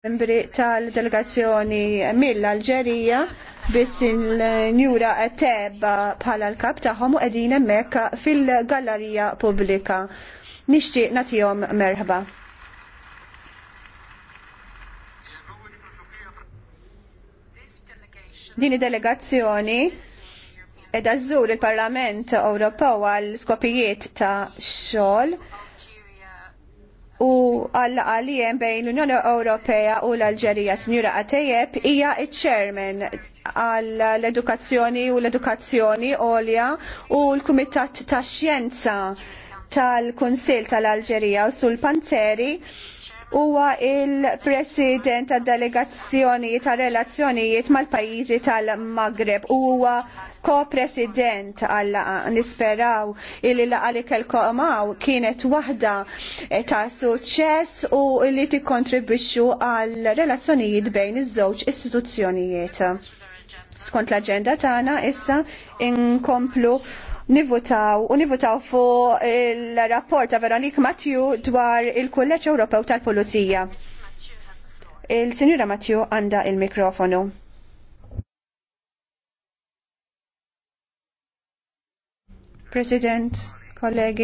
membri tal-delegazzjoni mill-Alġerija biss il-njura Teba bħala l-kap tagħhom u qegħdin hemmhekk fil-gallerija pubblika. Nixtieq nagħtihom merħba. Din id-delegazzjoni edha żżur il-Parlament Ewropew għal skopijiet ta' xogħol u għalla għalijem bejn l-Unjoni Ewropea u l-Alġerija. Signora Atejeb hija il ċermen għall-edukazzjoni u l-edukazzjoni olja u l-Kumitat ta' Xjenza tal-Kunsil tal-Alġerija u sul-Panzeri huwa il-president tad delegazzjoni ta' relazzjonijiet mal-pajjiżi tal-Maghreb u huwa ko-president għal nisperaw il li kelkomaw kienet waħda ta' suċċess u li tikkontribwixxu għal relazzjonijiet bejn iż-żewġ istituzzjonijiet. Skont l-aġenda tagħna issa inkomplu nivutaw u nivutaw fuq il-rapport ta' Veronik Matthew dwar il-Kulleġġ Ewropew tal-Pulizija. Il-Sinjura Matthew għanda il-mikrofonu. President, kollegi.